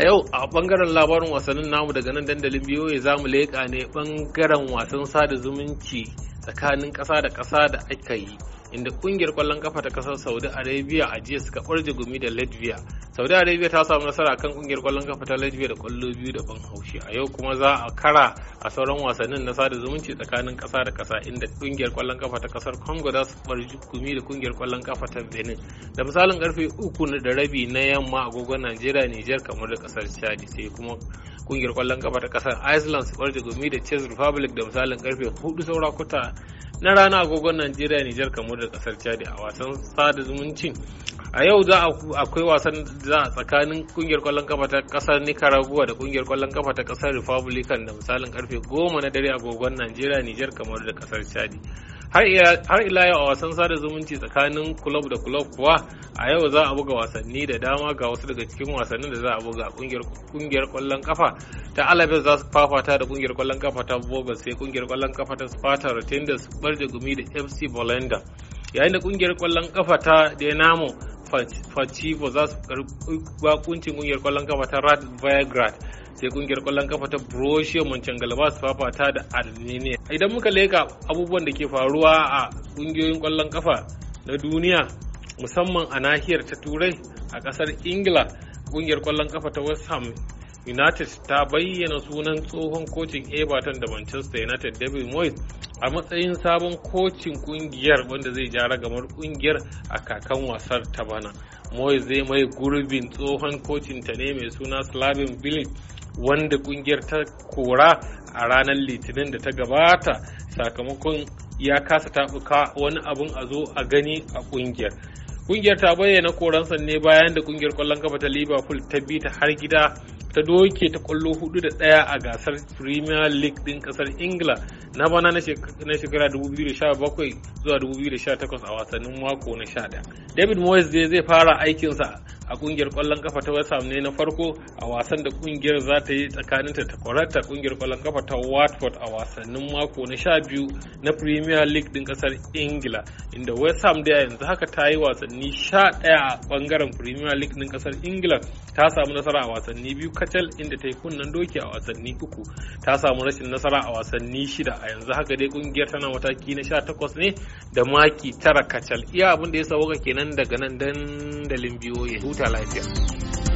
A yau a bangaren labarin wasannin namu daga nan dandalin biyoyi za mu leƙa ne bangaren wasan sada zumunci tsakanin ƙasa da ƙasa da aka yi inda kungiyar kwallon kafa ta kasar saudi arabia a jiya suka ɓarje gumi da latvia saudi arabia ta samu nasara kan kungiyar kwallon kafa ta latvia da kwallo biyu da ban haushi a yau kuma za a kara a sauran wasannin na sada zumunci tsakanin kasa da kasa inda kungiyar kwallon kafa ta kasar congo za su ɓarje gumi da kungiyar kwallon kafa ta benin da misalin karfe uku da rabi na yamma agogon najeriya niger kamar da kasar chadi sai kuma kungiyar kwallon kafa ta kasar iceland su barje gumi da czech republic da misalin karfe hudu saura kuta na rana agogon najeriya nijar kamar da kasar chad a wasan sada zumunci a yau za akwai wasan za a tsakanin kungiyar kwallon kafa ta kasar nicaragua da kungiyar kwallon kafa ta kasar republican da misalin karfe goma na dare agogon najeriya nijar kamar da kasar chad har ila yau a wasan sada zumunci tsakanin kulob da kulob kuwa a yau za a buga wasanni da dama ga wasu daga cikin wasannin da za a buga kungiyar kwallon kafa ta alabes za su fafata da kungiyar kwallon kafa ta bogas sai kungiyar kwallon kafa ta sparta su barje gumi da fc bolenda yayin da kungiyar kwallon kafa ta dinamo fachivo za su karbi bakuncin kungiyar kwallon kafa ta rad viagrad sai kungiyar kwallon kafa ta Borussia Mönchengladbach su fafata da Armenia idan muka leka abubuwan da ke faruwa a kungiyoyin kwallon kafa na duniya musamman a nahiyar ta turai a kasar ingila kungiyar kwallon kafa ta west ham united ta bayyana sunan tsohon kocin everton da manchester united david moyes a matsayin sabon kocin kungiyar wanda zai ja gamar kungiyar a kakan wasar ta bana moyes zai mai gurbin tsohon kocin ta ne mai suna slavin bilic wanda kungiyar ta kora a ranar litinin da ta gabata sakamakon ya kasa tafuka wani abin a zo a gani a kungiyar kungiyar ta bayyana koransa ne bayan da kungiyar kwallon kafa ta liverpool ta bi ta har gida ta doke ta kwallo hudu da daya a gasar premier league din kasar ingila na bana na shekara 2017 zuwa 2018 a wasannin mako na 11 david moyes dai zai fara aikinsa a kungiyar kwallon kafa ta west ham ne na farko a wasan da kungiyar za ta yi tsakanin ta takwararta kungiyar kwallon kafa ta watford a wasannin mako na sha biyu na premier league din kasar ingila inda west ham da yanzu haka ta yi wasanni sha ɗaya a bangaren premier league din kasar ingila ta samu nasara a wasanni biyu kacal inda ta yi kunnen doki a wasanni uku ta samu rashin nasara a wasanni shida a yanzu haka dai kungiyar tana mataki na sha takwas ne da maki tara kacal iya abin da ya sauka kenan nan daga nan dandalin ya huta lafiya.